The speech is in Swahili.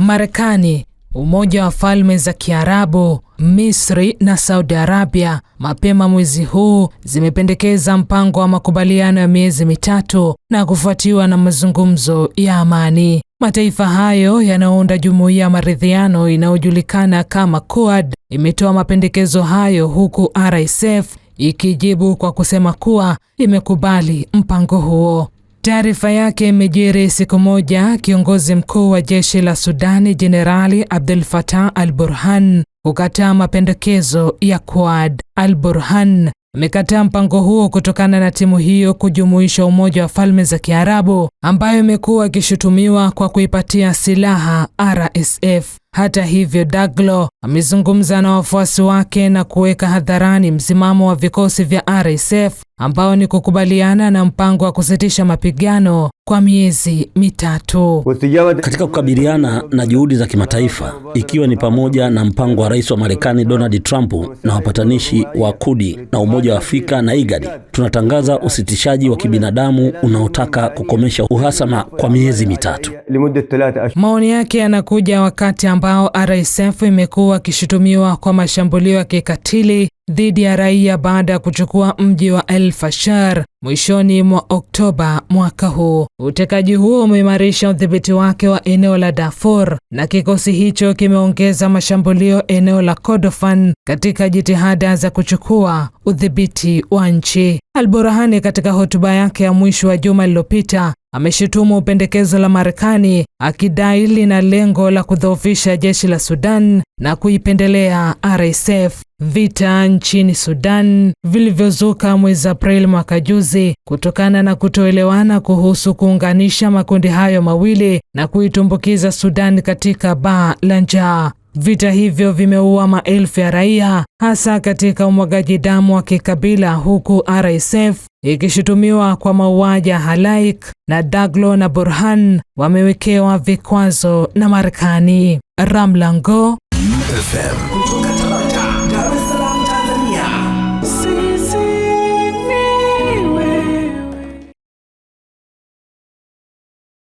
Marekani, Umoja wa Falme za Kiarabu, Misri na Saudi Arabia mapema mwezi huu zimependekeza mpango wa makubaliano ya miezi mitatu na kufuatiwa na mazungumzo ya amani. Mataifa hayo yanayounda jumuiya ya maridhiano inayojulikana kama Quad imetoa mapendekezo hayo huku RSF ikijibu kwa kusema kuwa imekubali mpango huo. Taarifa yake imejiri siku moja kiongozi mkuu wa jeshi la Sudani Jenerali Abdel Fattah al-Burhan kukataa mapendekezo ya Quad. Al-Burhan amekataa mpango huo kutokana na timu hiyo kujumuisha Umoja wa Falme za Kiarabu ambayo imekuwa ikishutumiwa kwa kuipatia silaha RSF. Hata hivyo, Daglo amezungumza na wafuasi wake na kuweka hadharani msimamo wa vikosi vya RSF ambao ni kukubaliana na mpango wa kusitisha mapigano kwa miezi mitatu. Katika kukabiliana na juhudi za kimataifa ikiwa ni pamoja na mpango wa Rais wa Marekani Donald Trump na wapatanishi wa Kudi na Umoja wa Afrika na IGAD, tunatangaza usitishaji wa kibinadamu unaotaka kukomesha uhasama kwa miezi mitatu. Maoni yake yanakuja wakati ambao RSF imekuwa ikishutumiwa kwa mashambulio ya kikatili dhidi ya raia baada ya kuchukua mji wa El Fashar mwishoni mwa Oktoba mwaka huu. Utekaji huo umeimarisha udhibiti wake wa eneo la Darfur na kikosi hicho kimeongeza mashambulio eneo la Kordofan katika jitihada za kuchukua udhibiti wa nchi. Al Burhani katika hotuba yake ya mwisho wa juma lililopita ameshutumu pendekezo la Marekani akidai lina lengo la kudhoofisha jeshi la Sudan na kuipendelea RSF. Vita nchini Sudan vilivyozuka mwezi Aprili mwaka juzi kutokana na kutoelewana kuhusu kuunganisha makundi hayo mawili na kuitumbukiza Sudan katika baa la njaa. Vita hivyo vimeua maelfu ya raia hasa katika umwagaji damu wa kikabila huku RSF ikishutumiwa kwa mauaji ya halaik na Daglo na Burhan wamewekewa vikwazo na Marekani. Ramlango FM.